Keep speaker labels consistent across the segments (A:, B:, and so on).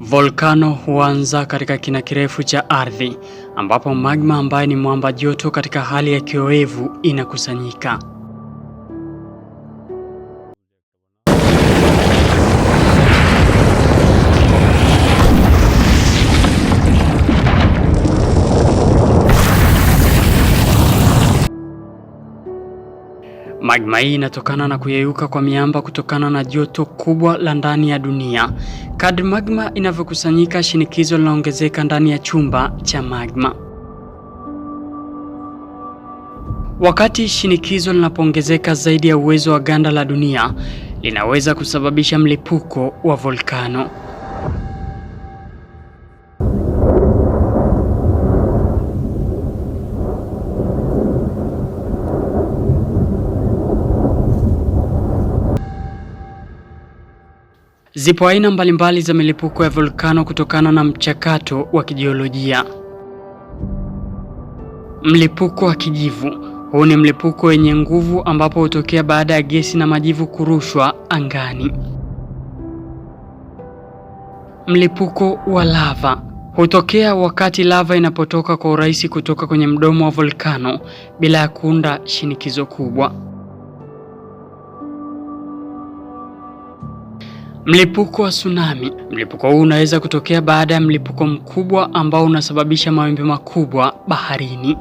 A: Volkano huanza katika kina kirefu cha ardhi ambapo magma ambaye ni mwamba joto katika hali ya kioevu inakusanyika. Magma hii inatokana na kuyeyuka kwa miamba kutokana na joto kubwa la ndani ya dunia. Kadri magma inavyokusanyika, shinikizo linaongezeka ndani ya chumba cha magma. Wakati shinikizo linapoongezeka zaidi ya uwezo wa ganda la dunia, linaweza kusababisha mlipuko wa volkano. Zipo aina mbalimbali za milipuko ya volkano kutokana na mchakato wa kijiolojia. Mlipuko wa kijivu. Huu ni mlipuko wenye nguvu ambapo hutokea baada ya gesi na majivu kurushwa angani. Mlipuko wa lava. Hutokea wakati lava inapotoka kwa urahisi kutoka kwenye mdomo wa volkano bila ya kuunda shinikizo kubwa. Mlipuko wa tsunami. Mlipuko huu unaweza kutokea baada ya mlipuko mkubwa ambao unasababisha mawimbi makubwa baharini.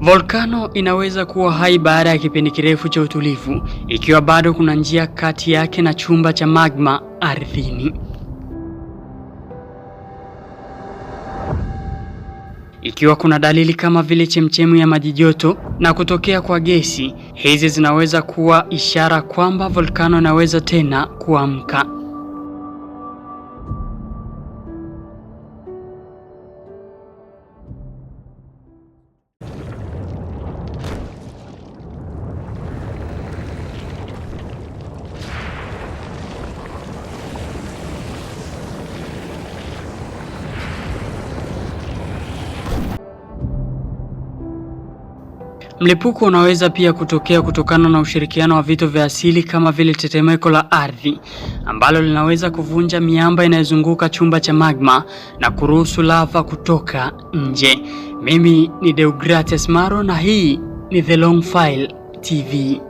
A: Volkano inaweza kuwa hai baada ya kipindi kirefu cha utulivu ikiwa bado kuna njia kati yake na chumba cha magma ardhini. Ikiwa kuna dalili kama vile chemchemu ya maji joto na kutokea kwa gesi, hizi zinaweza kuwa ishara kwamba volkano inaweza tena kuamka. Mlipuko unaweza pia kutokea kutokana na ushirikiano wa vitu vya asili kama vile tetemeko la ardhi ambalo linaweza kuvunja miamba inayozunguka chumba cha magma na kuruhusu lava kutoka nje. Mimi ni Deogratias Maro na hii ni The Long File TV.